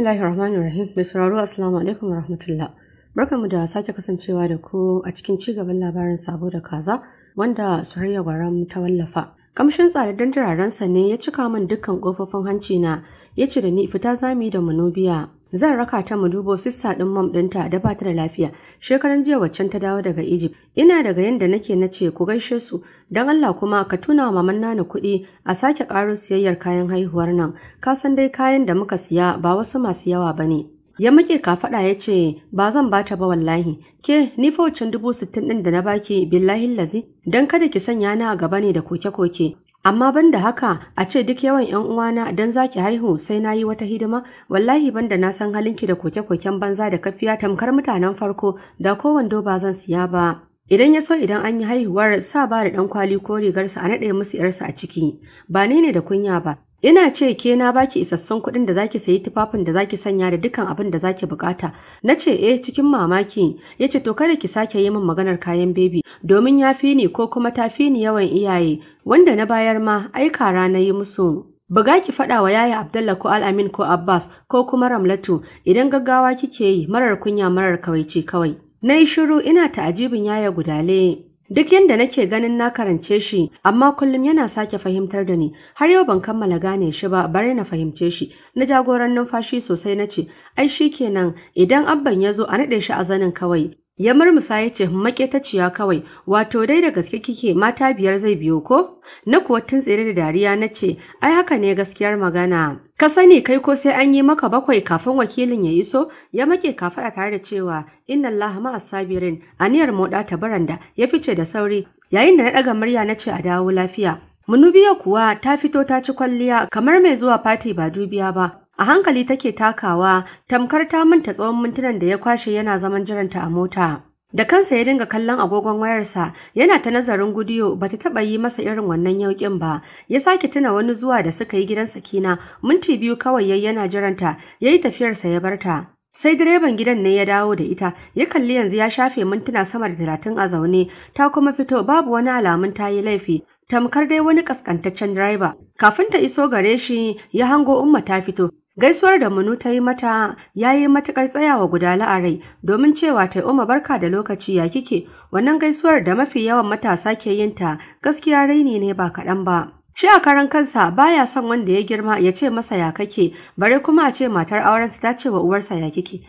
Bismillahir Rahmanir Rahim. Mai sauraro Assalamu alaikum wa rahmatullah. Barkanmu da sake kasancewa da ku a cikin ci gaban labarin sabo da kaza wanda Surayya Gwaram ta wallafa. Kamshin tsadaddan turarensa ne ya cika min dukkan kofofin hanci na ya ce da ni fita zami da manubiya Zan raka ta mu dubo sista ɗin mom ɗinta da ba ta da lafiya. Shekaran jiya waccan ta dawo daga Egypt. Ina daga yanda nake na ce ku gaishe su. Don Allah kuma ka tuna wa maman nana kuɗi a sake ƙaro siyayyar kayan haihuwar nan. Ka san dai kayan da muka siya ba wasu masu yawa bane ne. Ya muke kafaɗa ya ce ba zan ba ta ba wallahi. Ke ni fa waccan dubu sittin ɗin da na baki billahi lazi. dan kada ki sanya na gaba ne da koke-koke. amma ban da haka a ce duk yawan yan uwana dan zaki haihu sai na yi wata hidima wallahi ban da na san halinki da koke-koken banza da kafiya tamkar mutanen farko da kowan ba zan siya ba idan ya so idan an yi haihuwar sa ba da dan kwali ko rigarsa a naɗe musu yarsa a ciki ba ni ne da kunya ba Ina ce ke na baki isassun kuɗin da zaki sayi tufafin da zaki sanya da dukkan abin da zaki bukata. Na ce eh cikin mamaki. yace to kada ki sake yi min maganar kayan bebi domin ya fi ni ko kuma ta fi ni yawan iyaye wanda na bayar ma ai kara na yi musu. Buga ki faɗa wa yaya abdullah ko Al'amin ko Abbas ko kuma Ramlatu idan gaggawa kike yi marar kunya marar kawaici kawai. Na yi shiru ina ta ajibin yaya gudale. Duk yadda nake ganin na karance shi, amma kullum yana sake fahimtar da ni, har yau ban kammala gane shi ba, bari na fahimce shi. Na jagoran numfashi sosai na ce, ai shi kenan idan abban ya zo a naɗe shi a zanin kawai. Ya murmusa ya ce maƙetaciya kawai, wato dai da gaske kike mata biyar zai biyo ko? Na kuwa tun tsere da dariya na ce, ai haka ne gaskiyar magana. Ka sani kai ko sai an yi maka bakwai kafin wakilin ya iso, ya make kafaɗa tare da cewa inna Allah ma asabirin aniyar moda ta baranda ya fice da sauri yayin da na ɗaga murya na ce a dawo lafiya. Munubiya kuwa ta fito ta ci kwalliya kamar mai zuwa fati ba dubiya ba. A hankali take takawa tamkar ta manta tsawon mintunan da ya kwashe yana zaman jiranta a mota. Da kansa ya dinga kallon agogon wayarsa, yana ta nazarin gudiyo ba ta taɓa yi masa irin wannan yauƙin ba. Ya sake tuna wani zuwa da suka yi gidan sakina, minti biyu kawai yayi yana jiranta, ya yi tafiyarsa ya barta. Sai direban gidan ne ya dawo da ita, ya kalli yanzu ya shafe mintuna sama da talatin a zaune, ta kuma fito babu wani alamun ta yi laifi. Tamkar dai wani kaskantaccen direba. Kafin ta iso gare shi, ya hango Umma ta fito, Gaisuwar da Manu ta yi mata ya yi matuƙar tsayawa guda la'arai domin cewa ta yi umar barka da lokaci ya kike wannan gaisuwar da mafi yawan matasa ke yin ta gaskiya raini ne ba kaɗan ba. Shi a karan kansa baya son wanda ya girma ya ce masa ya kake bare kuma a ce matar aurensa ta ce wa uwarsa ya kike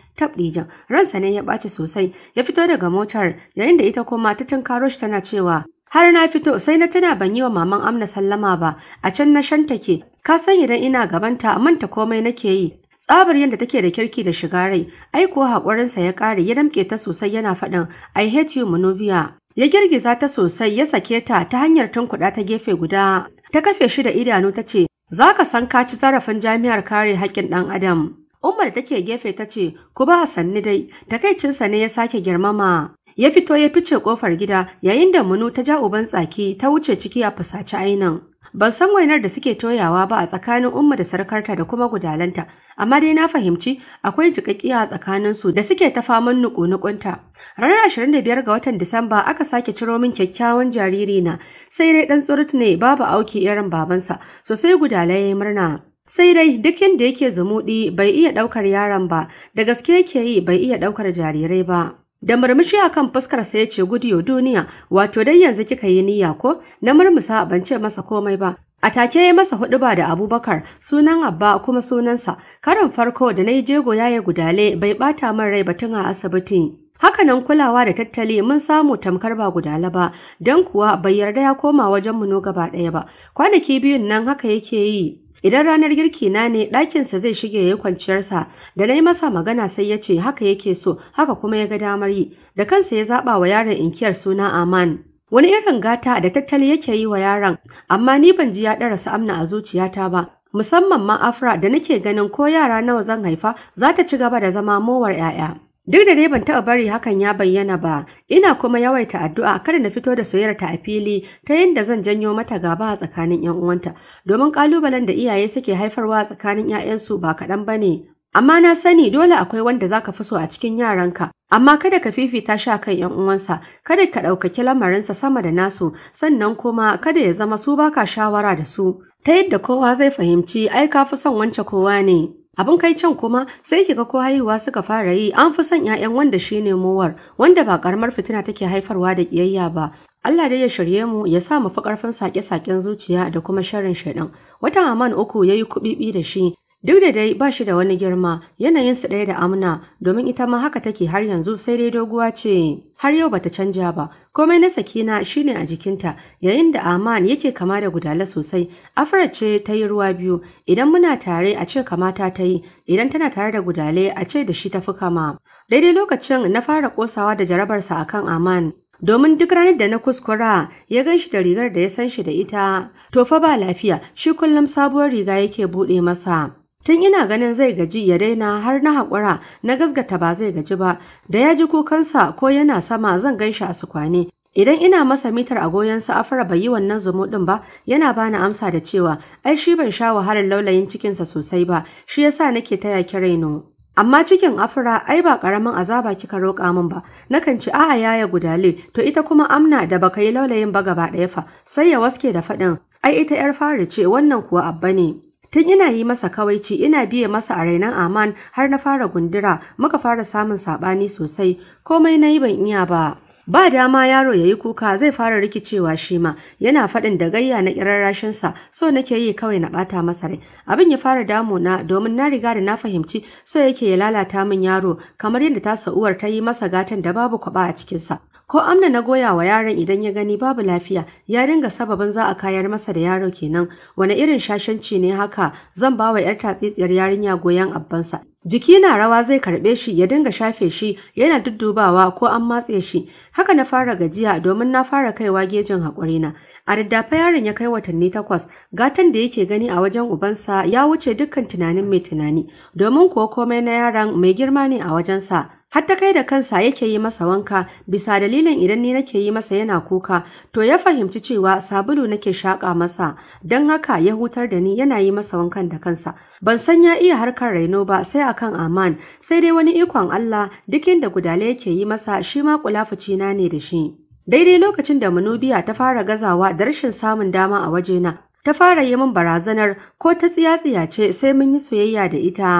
jan". ransa ne ya ɓaci sosai ya fito daga motar yayin da ita kuma ta tunkaro shi tana cewa har na fito sai na tana ban yi wa maman amna sallama ba a can na take. Ka san idan ina gabanta a manta komai nake yi. Tsabar yadda take da kirki da shiga rai, ai kuwa haƙurinsa ya ƙare ya damƙe ta sosai yana faɗin I hate you monovia Ya girgiza ta sosai ya sake ta ta hanyar tankuɗa ta gefe guda. Ta kafe shi da idanu ta ce, Za ka san ka ci zarafin jami'ar kare haƙƙin ɗan Adam. Umar da take gefe ta ce, Ku ba sanni dai, takaicinsa ne ya sake girmama. Ya fito ya fice kofar gida yayin da Munu ta ja uban tsaki ta wuce ciki a fusaci ainin. Ban san wainar da suke toyawa ba a tsakanin Umma da sarkarta da kuma gudalanta, amma dai na fahimci akwai jikakkiya a tsakaninsu da suke ta faman nuku ashirin Ranar biyar ga watan Disamba aka sake ciro min kyakkyawan jariri na, sai dai ɗan tsurut ne babu auki irin babansa, sosai gudala ya yi murna. Sai dai duk yadda yake zumuɗi bai iya ɗaukar yaron ba, da gaske yake yi bai iya ɗaukar jarirai ba. Da murmushi a kan fuskarsa ya ce gudiyo duniya, wato dai yanzu kika yi niyya ko? Na murmusa ban ce masa komai ba. A take ya masa ba da Abubakar, sunan Abba kuma sunansa. Karin farko da na yi jego yaye gudale bai bata min rai batun a asibiti. nan kulawa da tattali mun samu tamkar ba gudala ba, don kuwa bai yarda ya koma wajen mu no gaba ɗaya ba. Kwanaki biyun nan haka yake yi, Idan ranar girki na ne ɗakinsa zai shige ya yi kwanciyarsa, da na yi masa magana sai ya ce haka yake so, haka kuma ya ga damar yi, da kansa ya zaɓa wa yaron inkiyar suna Aman. Wani irin gata da tattali yake yi wa yaron, amma ni ban ji ya ɗara amna a zuciyata ba. Musamman ma Afra da nake ganin ko yara nawa zan haifa za ta ci gaba da zama mowar 'ya'ya. Duk da dai ban taɓa bari hakan ya bayyana ba, ina kuma yawaita addu'a kada na fito da soyayyarta a fili ta yadda zan janyo mata gaba a tsakanin 'yan uwanta, domin ƙalubalen da iyaye suke haifarwa a tsakanin 'ya'yansu ba kaɗan ba ne. Amma na sani dole akwai wanda za ka fi so a cikin yaranka, amma kada ka fifita shi a kan ‘yan uwansa, kada ka ɗaukaki lamarinsa sama da nasu, sannan kuma kada ya zama su baka shawara da su, ta yadda kowa zai fahimci ai ka fi son wance kowa ne. Abin kai can kuma sai kika ko haihuwa suka fara yi an fi son 'ya'yan wanda shi ne mowar wanda ba karamar fitina take haifarwa da kiyayya ba. Allah dai ya shirye mu ya sa mu fi ƙarfin sake-saken zuciya da kuma sharrin shaɗin. Watan Aman uku ya yi kuɓiɓi da shi Duk da dai ba shi da wani girma, yanayinsu ɗaya da amna, domin ita ma haka take har yanzu sai dai doguwa ce, har yau bata canja ba, komai na sakina shine a jikinta yayin da aman yake kama da gudala sosai afra ce ta yi ruwa biyu idan muna tare a ce kamata ta yi idan tana tare da gudale a ce da shi ta fi kama daidai lokacin na fara kosawa da jarabarsa a kan aman domin duk ranar da na kuskura ya gan shi da rigar da ya san shi da ita to fa ba lafiya shi kullum sabuwar riga yake buɗe masa Tun ina ganin zai gaji ya daina har na haƙura na gasgata ba zai gaji ba, da ya ji kukansa ko yana sama zan gan shi a sukwane. Idan ina masa mitar a goyonsa afara bai yi wannan ɗin ba, yana bani amsa da cewa, ai shi ban sha wahalar laulayin cikinsa sosai ba, shi ya sa nake taya ki raino. Amma cikin afira ai ba karamin azaba kika roƙa min ba, nakan ci a'a yaya gudale, to ita kuma amna da baka yi laulayin ba gaba ɗaya fa, sai ya waske da faɗin, ai ita ‘yar fara ce wannan kuwa abba ne. Tun ina yi masa kawaici ina biye masa a rainan Aman har na fara gundura muka fara samun sabani sosai komai na yi ban iya ba. Ba dama yaro ya yi kuka zai fara rikicewa shi ma yana faɗin da gayya na ƙirarrashinsa so nake yi kawai na ɓata masa rai. Abin ya fara damuna domin na riga da na fahimci so yake ya lalata min yaro kamar yadda ta sa'uwar ta yi masa gatan da babu kwaɓa a cikinsa. Ko amna na goya wa yaron idan ya gani babu lafiya ya dinga sababin za a kayar masa da yaro kenan wane irin shashanci ne haka zan ba wa 'yar tatsitsiyar yarinya goyon abbansa Jiki na rawa zai karɓe shi ya dinga shafe shi yana duddubawa ko an matse shi. Haka na fara gajiya domin na fara kaiwa gejin haƙurina. A daddafa yaron ya kai watanni takwas, gatan da yake gani a wajen ubansa ya wuce dukkan tunanin mai tunani, domin kuwa komai na yaron mai girma ne a wajensa. har ta kai da kansa yake yi masa wanka bisa dalilin idan ni nake yi masa yana kuka to ya fahimci cewa sabulu nake shaƙa masa don haka ya hutar da ni yana yi masa wankan da kansa ban san ya iya harkar raino ba sai akan aman sai dai wani ikon Allah duk inda gudale yake yi masa shi ma kulafuci na ne da shi daidai lokacin da manubiya ta fara gazawa da rashin samun dama a wajena ta fara yi min barazanar ko ta tsiya-tsiya ce sai mun yi soyayya da ita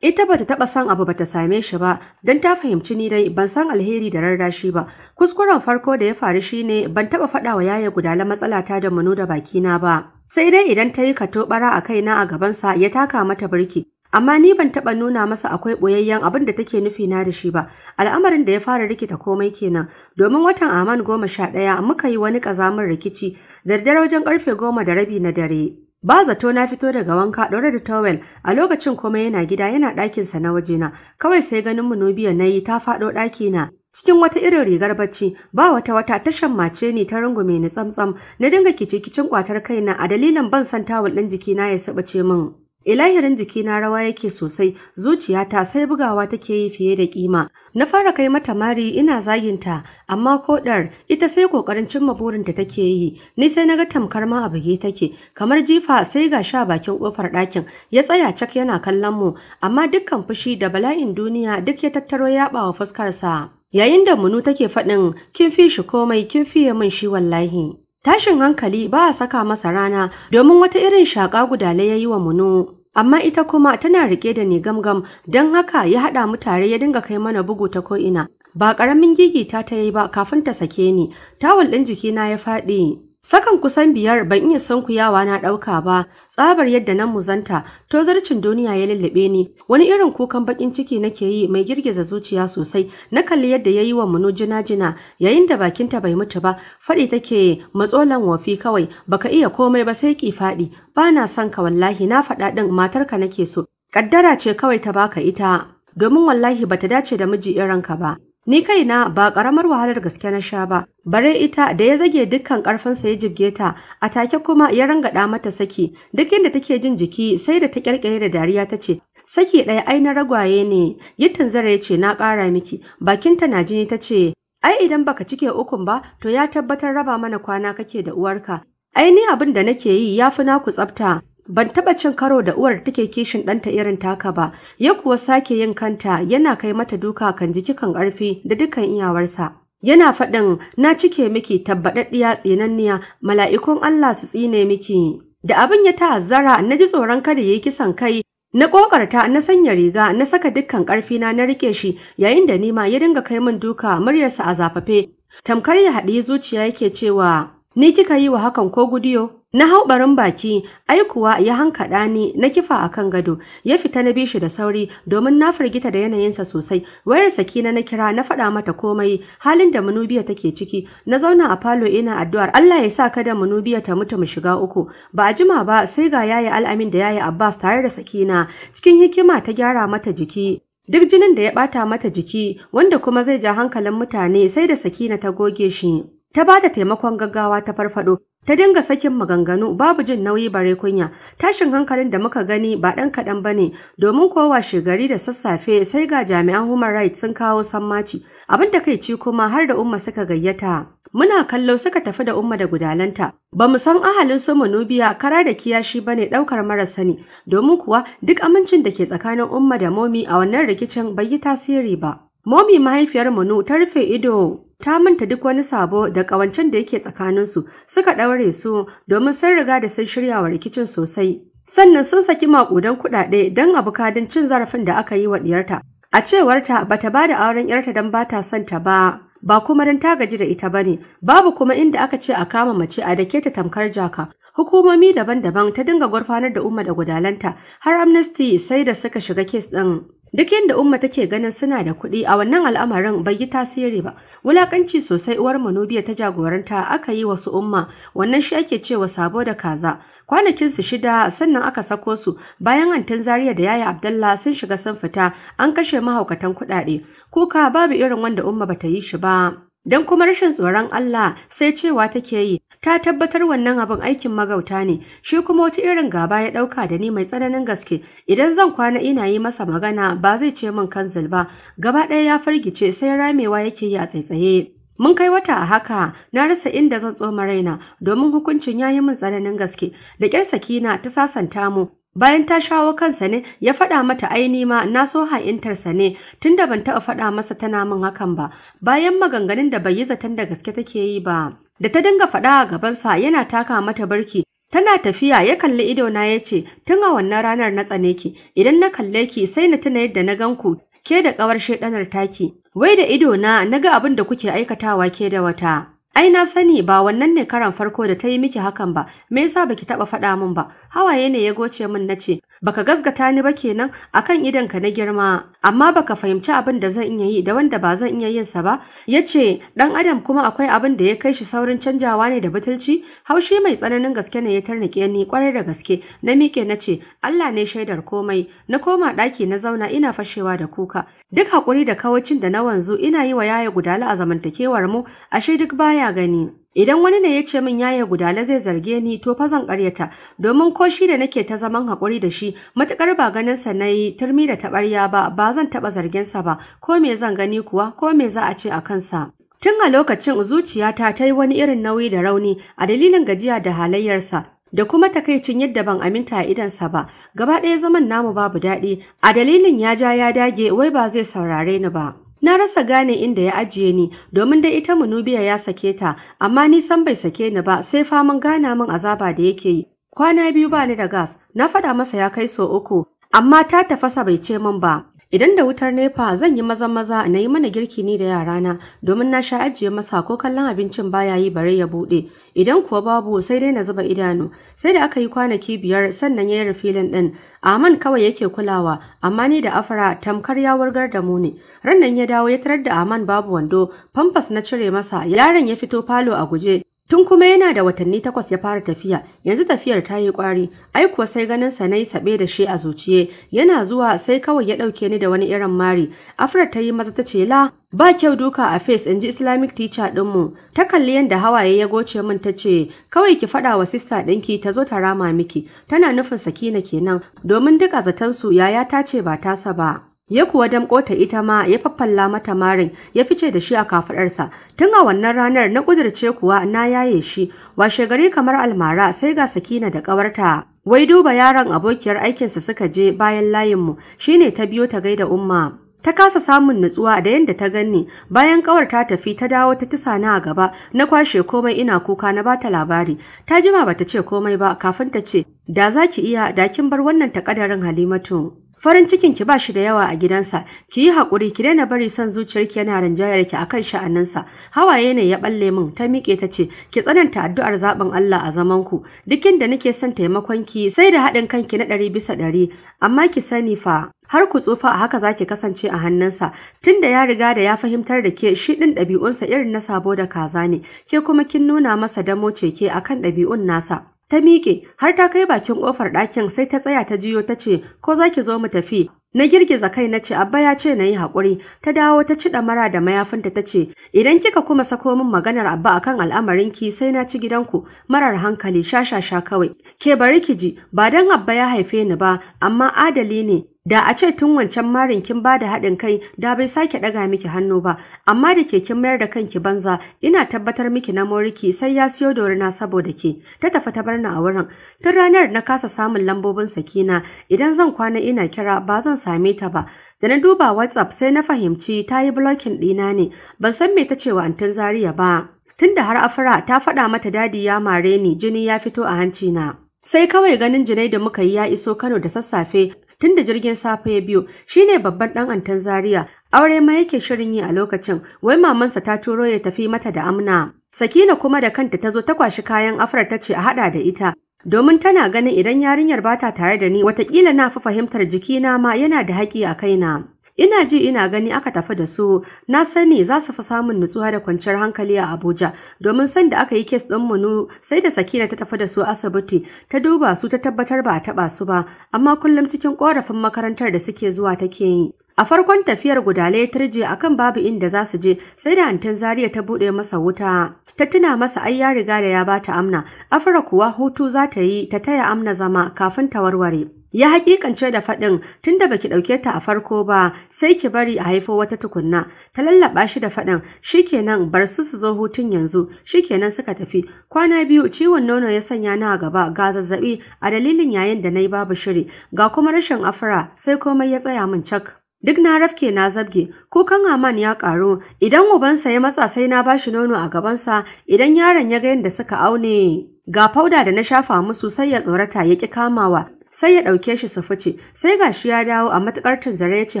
Ita bata taba san abu bata same shi ba, don ta fahimci ni dai ban san alheri da rarrashi ba. Kuskuren farko da ya faru shine ban taba faɗa wa yaya gudala matsalata da munu da na ba. Sai dai idan ta yi kato katobara a kaina a gaban sa ya taka mata birki. Amma ni ban taba nuna masa akwai ɓoyayyen abin da take nufi na da shi ba. Al'amarin da ya fara rikita komai kenan. Domin watan Aman goma sha ɗaya muka yi wani ƙazamin rikici, daddare wajen ƙarfe goma da rabi na dare. Ba zato na fito daga wanka ɗaure da towel a lokacin kuma yana gida yana ɗakinsa na wajena kawai sai ganin munubiya na yi ta faɗo ɗakina cikin wata irin rigar bacci ba wata wata ta shammace ni ta rungume ni tsamtsam na dinga kicikicin kwatar kaina a dalilin ban san tawul ɗin jikina ya sabace min Ilahirin e, jikina rawa yake sosai, zuciyata sai bugawa take yi fiye da kima. Na fara kai mata mari ina zaginta, amma kodar ita sai kokarin cimma burinta take yi. Ni sai naga tamkar ma a buge take, kamar jifa sai ga sha bakin kofar ɗakin. Ya tsaya cak yana kallon mu, amma dukkan fushi da bala'in duniya duk ya tattaro fuskar fuskarsa. Yayin da Munu take faɗin, kin fi shi komai, kin fiye min shi wallahi. Tashin hankali ba a saka masa rana domin wata irin shaƙa gudale ya yi wa Munu. amma ita kuma tana rike da ni gamgam don haka ya haɗa mu tare ya dinga kai mana bugu ta ko'ina. Ba ƙaramin gigita ta yi ba kafin ta sake ni, tawul ɗin jikina ya faɗi Sakan kusan biyar ban iya san ku yawa na ɗauka ba, tsabar yadda nan muzanta, tozarcin duniya ya lullube ni, wani irin kukan bakin ciki nake yi mai girgiza zuciya sosai, na kalli yadda ya yi wa muno jina-jina yayin da bakinta bai mutu ba, faɗi take matsolan wafi kawai, baka iya komai ba sai ki faɗi, ba na son ka wallahi na faɗa ɗin matarka nake so, ƙaddara ce kawai ta baka ita, domin wallahi bata dace da miji irin ka ba. Ni kaina ba ƙaramar wahalar gaske na sha ba, bare ita da ya zage dukkan ƙarfinsa ya jibge ta, a take kuma ya rangada mata saki, duk inda take jin jiki sai da ta ƙyarƙyare da dariya ta ce, Saki ɗaya ai na ragwaye ne, yittin tanzara ya ce na ƙara miki, bakinta na jini ta ce, Ai idan baka cike ukun ba, to ya tabbatar raba mana kwana kake da uwarka. Ai ni abin da nake yi ya fi naku tsafta, Ban taɓa cin karo da uwar take kishin ɗanta irin taka ba, ya kuwa sake yin kanta yana kai mata duka kan jiki kan ƙarfi da dukkan iyawarsa. Yana faɗin na cike miki tabbaɗaɗɗiya tsinanniya mala'ikun Allah su tsine miki. Da abin ya ta'azzara na ji tsoron kada ya yi kisan kai Na ƙoƙarta na sanya riga na saka dukkan ƙarfina na rike shi yayin da nima ya dinga kai min duka muryarsa a zafafe. Tamkar ya haɗi zuciya yake cewa, Ni kika yi wa hakan ko gudiyo? Na hau barin baki, ai kuwa ya hankaɗa ni na kifa a kan gado, ya fita na bishi da sauri domin na firgita da yanayinsa sosai. Wayar sakina na kira na faɗa mata komai, halin da Munubiya take ciki. Na zauna a falo ina addu'ar Allah ya sa kada Munubiya ta mutu mu shiga uku. Ba a jima ba sai ga yayi Al'amin da yayi Abbas tare da sakina, cikin hikima ta gyara mata jiki. Duk jinin da ya ɓata mata jiki, wanda kuma zai ja hankalin mutane sai da sakina ta goge shi. ta ba da taimakon gaggawa ta farfado ta dinga sakin maganganu babu jin nauyi bare kunya tashin hankalin da muka gani ba ɗan kaɗan ba ne domin kowa shigari da sassafe sai ga jami'an human rights sun kawo sammaci abin da kai ci kuma har da umma suka gayyata muna kallo suka tafi da umma da gudalanta ba mu san ahalin su manubiya kara da kiyashi ba ne ɗaukar mara sani domin kuwa duk amincin da ke tsakanin umma da momi a wannan rikicin bai yi tasiri ba momi mahaifiyar manu ta rufe ido ta manta duk wani sabo da ƙawancen da yake tsakaninsu suka ɗaure su domin sun riga da sun shirya wa rikicin sosai. Sannan sun saki maƙudan kuɗaɗe don abukadin cin zarafin da aka yi wa ɗiyarta. A cewarta ta ba da auren ‘yarta don ba ta son ta ba, ba kuma don ta gaji da ita ba ne, babu kuma inda aka ce a kama mace a dake ta tamkar jaka. Hukumomi daban-daban ta dinga gurfanar da umma da gudalanta har amnesty sai da suka shiga kes ɗin. Duk yadda Umma take ganin suna da kuɗi a wannan al'amarin bai yi tasiri ba. Wulakanci sosai uwar Manubiya ta jagoranta aka yi wasu Umma wannan shi ake cewa sabo da kaza. Kwanakin su shida sannan aka sako su bayan antin Zaria da yaya Abdullah sun shiga sun fita an kashe mahaukatan kuɗaɗe. Kuka babu irin wanda Umma bata yi shi ba. dan kuma rashin tsoron Allah sai cewa take yi ta tabbatar wannan abin aikin magauta ne shi kuma wata irin gaba ya ɗauka da ni mai tsananin gaske idan zan kwana ina yi masa magana ba zai ce min kanzil ba gaba ɗaya ya fargice sai ramewa yake yi a tsaitsaye Mun kai wata a haka, na rasa inda zan tsoma raina domin hukuncin ya yi min tsananin gaske. Da ƙyar sakina ta sasanta mu, Bayan ta shawo kansa ne ya faɗa mata aini ma na so ha'intarsa ne tunda ban taɓa faɗa masa tana min hakan ba bayan maganganun da bai yi zaton da gaske take yi ba. da ta dinga faɗa a gabansa yana taka mata barki tana tafiya ya kalli idona ya ce tun a wannan ranar na tsane ki idan na kalle ki sai na tuna yadda na gan ku ke da ƙawar shaidanar taki wai da idona na ga abin da kuke aikatawa ke da wata ai na sani ba wannan ne karan farko da ta yi miki hakan ba me yasa baki taɓa faɗa min ba hawaye ne ya goce min na ce baka gasgata ni ba kenan akan idan ka na girma amma baka fahimci abin da zan iya yi da wanda ba zan iya yin sa ba yace dan adam kuma akwai abin da ya kai shi saurin canjawa ne da butulci haushi mai tsananin gaske ne ya tarnike ni kwarai da gaske na mike na ce Allah ne shaidar komai na koma ɗaki na zauna ina fashewa da kuka duk hakuri da kawacin da na wanzu ina yi wa yaya gudala a zamantakewar mu ashe duk baya gani Idan wani ne ya ce min yaya gudala zai zarge ni to fa zan karyata domin ko shi da nake ta zaman hakuri da shi matukar ba ganin sa nayi turmi da taɓarya ba ba zan taɓa zargen sa ba ko me zan gani kuwa ko me za a ce a kansa. Tun a lokacin zuciyata ta yi wani irin nauyi da rauni a dalilin gajiya da halayyarsa da kuma takaicin yadda ban aminta a idansa ba gaba ɗaya zaman namu babu daɗi a dalilin ya ja ya dage wai ba zai saurare ni ba Na rasa gane inda ya ajiye ni domin dai ita Munubiya ya sake ta, amma nisan bai sake ni ba sai faman gana min azaba da yake yi. Kwana biyu ba ni da gas, na faɗa masa ya kai so uku, amma ta tafasa bai ce min ba. Idan da wutar nepa zan yi maza maza na yi mana girki ni da yarana domin na sha ajiye masa ko kallon abincin baya yi bare ya buɗe. Idan kuwa babu sai dai na zuba idanu. Sai da aka yi kwanaki biyar sannan ya yi filin ɗin. Aman kawai yake kulawa amma ni da afara tamkar ya wargar da mu ne. Rannan ya dawo ya tarar da Aman babu wando pampas na cire masa yaron ya fito falo a guje Tun kuma yana da watanni takwas ya fara tafiya, yanzu tafiyar ta yi ƙwari, ai kuwa sai ganin sa na yi saɓe da shi a zuciye, yana zuwa sai kawai ya ɗauke ni da wani irin mari. Afra ta yi maza ta ce la, ba kyau duka a face in ji Islamic teacher ɗinmu. Ta kalli yadda hawaye ya goce min ta ce, kawai ki faɗa wa sista ɗinki ta zo ta rama miki, tana nufin sakina kenan, domin duk a zaton yaya ta ce ba tasa ba. ya kuwa damƙo ta ita ma ya faffalla mata marin ya fice da shi a kafuɗarsa, tun a wannan ranar na ƙudirce kuwa na yaye shi washe gari kamar almara sai ga sakina da ƙawarta wai duba yaron abokiyar aikinsa suka je bayan layinmu shine ta biyo ta gaida umma ta kasa samun nutsuwa da yadda ta ganni bayan kawar ta tafi ta dawo ta tisa na a gaba na kwashe komai ina kuka na bata labari ta jima bata ce komai ba kafin ta ce da za ki iya da kin bar wannan takadarin halimatu Farin cikin ki bashi da yawa a gidansa, ki yi haƙuri ki daina bari son zuciyarki yana rinjayar ki akan sha'aninsa. Hawaye ne ya ɓalle min ta miƙe ta ce, ki tsananta addu'ar zaɓin Allah a zaman ku. Duk inda nake son taimakon ki sai da haɗin kanki na ɗari bisa ɗari, amma ki sani fa har ku tsufa a haka zaki kasance a hannunsa tunda ya riga da ya fahimtar da ke shi ɗin ɗabi'unsa irin na sabo da kaza ne ke kuma kin nuna masa damo ce ke akan ɗabi'un nasa Ta miƙe har ta kai bakin ƙofar ɗakin sai ta tsaya ta jiyo ta ce ko za ki zo mu tafi. Na girgiza kai na ce abba ya ce na yi haƙuri ta dawo ta ci ɗamara da mayafinta ta ce idan kika kuma sako min maganar abba akan ki, sai na ci gidanku marar hankali shashasha kawai. Ke bari ki ji ba don abba ya haife ni ba amma adali ne Da a ce tun wancan marin kin bada haɗin kai da bai sake ɗaga miki hannu ba, amma da ke kin mayar da kanki banza ina tabbatar miki na moriki sai ya siyo dorina saboda ke. Ta tafi ta barna a wurin. Tun ranar na kasa samun lambobin sakina idan zan kwana ina kira ba zan same ta ba. Da na duba WhatsApp sai na fahimci ta yi blocking ɗina ne, ban san me ta ce wa antin Zaria ba. Tunda har Afira ta faɗa mata dadi ya mare ni jini ya fito a hanci na. Sai kawai ganin Junaidu muka yi ya iso Kano da sassafe Tun da jirgin safe ya biyo shine babban dan antan Zaria aure ma yake shirin yi a lokacin wai mamansa ta turo ya tafi mata da amna Sakina kuma da kanta ta zo ta kwashi kayan afrar ta ce a haɗa da ita domin tana ganin idan yarinyar bata tare da ni watakila na fi fahimtar jikina ma yana da haƙi a kaina Ina ji ina gani aka tafi da su na sani za su fi samun nutsuwa da kwanciyar hankali a Abuja domin san da aka yi kes ɗin Munu sai da Sakina ta tafi da su asibiti ta duba su ta tabbatar ba a taɓa su ba amma kullum cikin korafin makarantar da suke zuwa take yi. A farkon tafiyar gudale turje akan babu inda za su je sai da antan Zaria ta buɗe masa wuta. Ta tuna masa ai ya riga da ya bata amna, afra kuwa hutu za ta yi ta taya amna zama kafin ta warware. Ya hakikance da faɗin tunda baki ɗauke ta a farko ba sai ki bari a haifo wata tukunna. Ta lallaɓa shi da faɗin shikenan bar su su zo hutun yanzu shikenan suka tafi. Kwana biyu ciwon nono ya sanya na gaba ga zazzaɓi a dalilin yayin da na yi babu shiri ga kuma rashin afra sai komai ya tsaya min cak. Duk na rafke na zabge, kukan Aman ya ƙaru, idan ubansa ya matsa sai na bashi nono a gabansa, idan yaron ya ga yadda suka aune. Ga fauda da na shafa musu sai ya tsorata ya ƙi kamawa, sai ya ɗauke shi su fice sai gashi ya dawo a matukar tunzare ya ce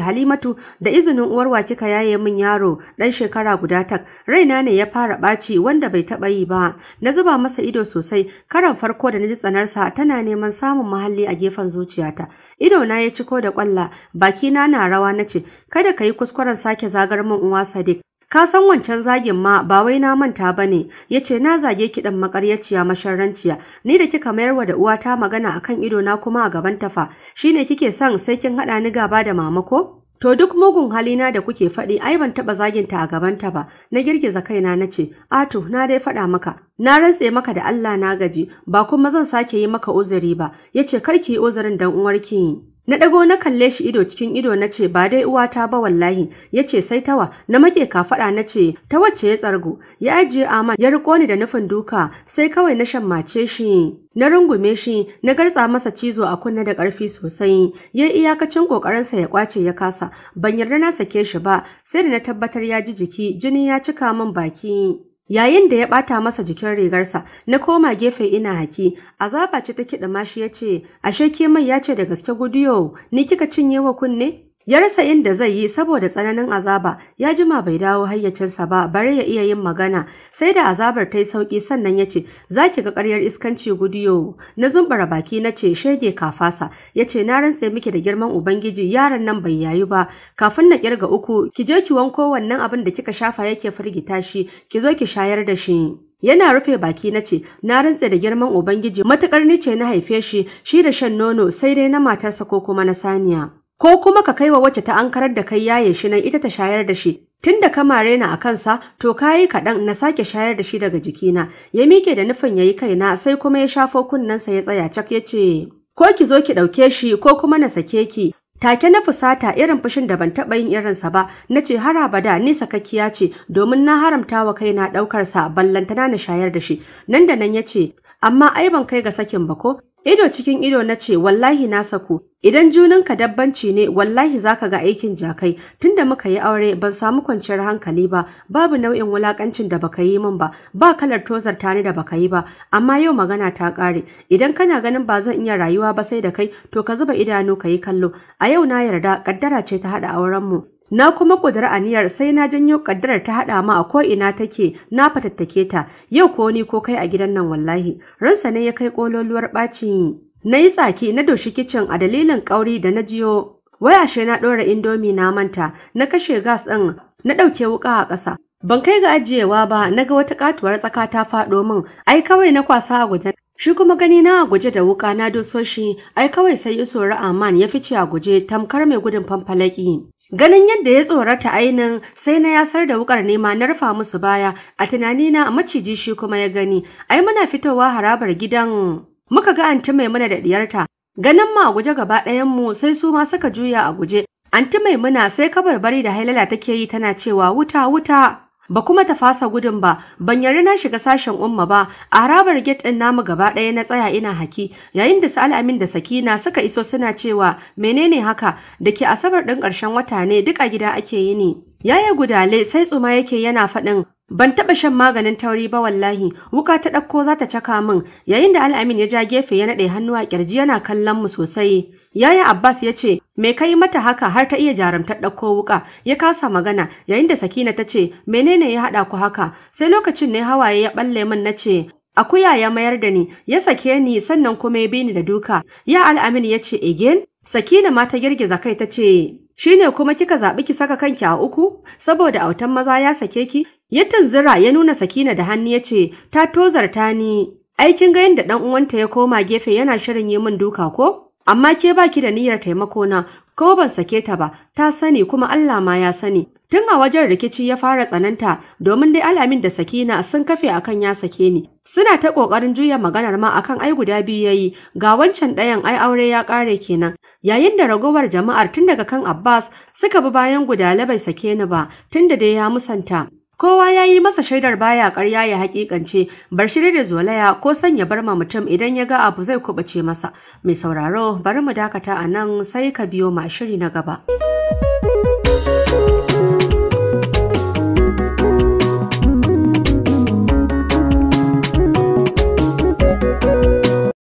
halimatu da izinin uwarwa kika yaye min yaro ɗan shekara guda tak raina ne ya fara ɓaci wanda bai taɓa yi ba na zuba masa ido sosai karan farko da na ji tsanarsa tana neman samun mahalli a gefen zuciyata ido na ya ciko da kwalla baki na na rawa nace kada ka yi kuskuren sake zagar min uwa Sadiq. Ka san wancan zagin ma ba wai na manta ba ne, ya ce na zage ki ɗan makaryaciya masharranciya, ni da kika mayar wa da uwata magana akan ido na kuma a gaban tafa, shi ne kike san sai kin haɗa ni gaba da mama ko? To duk mugun halina da kuke faɗi ai ban taɓa zaginta a gaban ta ba, na girgiza kaina na ce, to, na dai faɗa maka, na rantse maka da Allah na gaji, ba kuma zan sake yi maka uzuri ba, ya ce karki yi uzurin dan uwarki. Na ɗago na kalle shi ido cikin ido na ce ba dai uwata ba wallahi ya ce sai tawa na make kafaɗa na ce ta wacce ya tsargu ya ajiye aman ya riko ni da nufin duka sai kawai na shammace shi. Na rungume shi na garza masa cizo a kunne da ƙarfi sosai ya iyakacin ƙoƙarinsa ya ƙwace ya kasa ban yarda na sake shi ba sai da na tabbatar ya ji jiki jini ya cika min baki. Yayin da ya ɓata masa jikin rigarsa, na koma gefe ina haki, azaba ce ta kiɗa mashi ya ce, Ashe ke mai ya ce da gaske gudu yau. ni kika cinye wa kunne? Ya rasa inda zai yi saboda tsananin azaba, ya jima bai dawo hayyacinsa ba, bare ya iya yin magana, sai da azabar ta yi sauƙi sannan ya ce, za ki ga ƙaryar iskanci gudiyo, na zumbara baki na ce shege kafasa, ya ce na rantse miki da girman Ubangiji yaran nan bai yayu ba, kafin na kirga uku, ki je ki wanko wannan abin da kika shafa yake firgita shi, ki zo ki shayar da shi. Yana rufe baki na ce, Na rantse da girman Ubangiji, matuƙar ni ce na haife shi, shi da shan nono sai dai na matarsa ko kuma na saniya. ko kuma ka kaiwa wacce ta ankarar da kai yaye shi nan ita ta shayar da shi tun da ka mare ni a kansa to kayi kaɗan na sake shayar da shi daga jikina ya miƙe da nufin ya yi kaina sai kuma ya shafo kunnensa ya tsaya cak ya ce ko ki zo ki ɗauke shi ko kuma na sake ki Take na fusata irin fushin da ban taɓa yin irinsa ba, na ce har abada ni sakakkiya ce domin na haramta wa kaina ɗaukarsa ballantana na shayar da shi. Nan da nan ya ce, amma ai ban kai ga sakin ba ko? Ido cikin ido na ce wallahi na sako idan juninka dabbanci ne wallahi zaka ga aikin jakai tunda muka yi aure ban samu kwanciyar hankali ba babu nau'in wulakancin da baka yi min ba ba kalar tozar ni da baka yi ba amma yau magana ta kare idan kana ganin ba zan iya rayuwa ba sai da kai to ka zuba idanu ka yi kallo a yau na yarda kaddara ce ta haɗa auren mu Na kuma kudura aniyar sai na janyo ƙaddarar ta haɗa mu a ko'ina take na fatattake ta yau ko ni ko kai a gidan nan wallahi. Ransa ne ya kai kololuwar baci Na yi tsaki na doshi kicin a dalilin kauri da na jiyo. Wai ashe na ɗora indomi na manta na kashe gas ɗin na ɗauke wuƙa a ƙasa. Ban kai ga ajiyewa ba na ga wata katuwar tsaka ta faɗo min ai kawai na kwasa a guje Shi kuma gani na guje da wuka na doso shi, ai kawai sai ya sori Aman ya fice a guje tamkar mai gudun fanfalaki. Ganin yadda ya tsorata ainin sai na yasar da wukar nema na rufa musu baya a tunanina maciji shi kuma ya gani ai muna fitowa harabar gidan muka ga anti maimuna da diyarta ganin ma a guje gaba ɗayan sai su ma suka juya a guje anti maimuna sai kabarbari da hailala take yi tana cewa wuta wuta ba kuma ta fasa gudun ba ban yarda na shiga sashen umma ba a harabar gate din namu gaba ɗaya na tsaya ina haki yayin da Sa'al Amin da Sakina suka iso suna cewa menene haka da ke asabar ɗin ƙarshen wata ne duk a gida ake yi ne yaya gudale sai tsuma yake yana faɗin Ban taɓa shan maganin tauri ba wallahi, wuka ta ɗauko za ta caka min, yayin da Al'amin ya ja gefe ya naɗe hannu a ƙirji yana kallon mu sosai. Yaya Abbas ya ce, Me kai mata haka har ta iya jarumtar ɗauko wuƙa, ya kasa magana yayin da Sakina ta ce, Menene ya haɗa ku haka? Sai lokacin ne hawaye ya ɓalle min na ce, Akuya ya mayar da ni, ya sake ni sannan kuma ya bi ni da duka. Ya al'amin ya ce, Again? Sakina ma ta girgiza kai ta ce, Shi ne kuma kika zaɓi ki saka kanki a uku? Saboda autan maza ya sake ki? Ya tunzura ya nuna Sakina da hannu ya ce, Ta tozarta ni. Aikin ga yadda ɗan uwanta ya koma gefe yana shirin yi min duka ko? Amma ke baki da niyyar taimako na, ko ban sake ta ba, ta sani kuma Allah ma ya sani. Tun a wajen rikici ya fara tsananta domin dai alamin da sakina sun kafe akan ya sake ni. Suna ta ƙoƙarin juya maganar ma akan ai guda biyu yayi, ga wancan ɗayan ai aure ya ƙare kenan. Yayin da ragowar jama'ar tun daga kan Abbas suka bi bayan guda bai sake ni ba, tun da dai ya musanta. kowa ya yi masa shaidar baya ƙarya ya hakikance bar shi da zolaya ko sanya ma mutum idan ya ga abu zai kubace masa mai sauraro bari mu dakata a nan sai ka biyo ma shiri na gaba.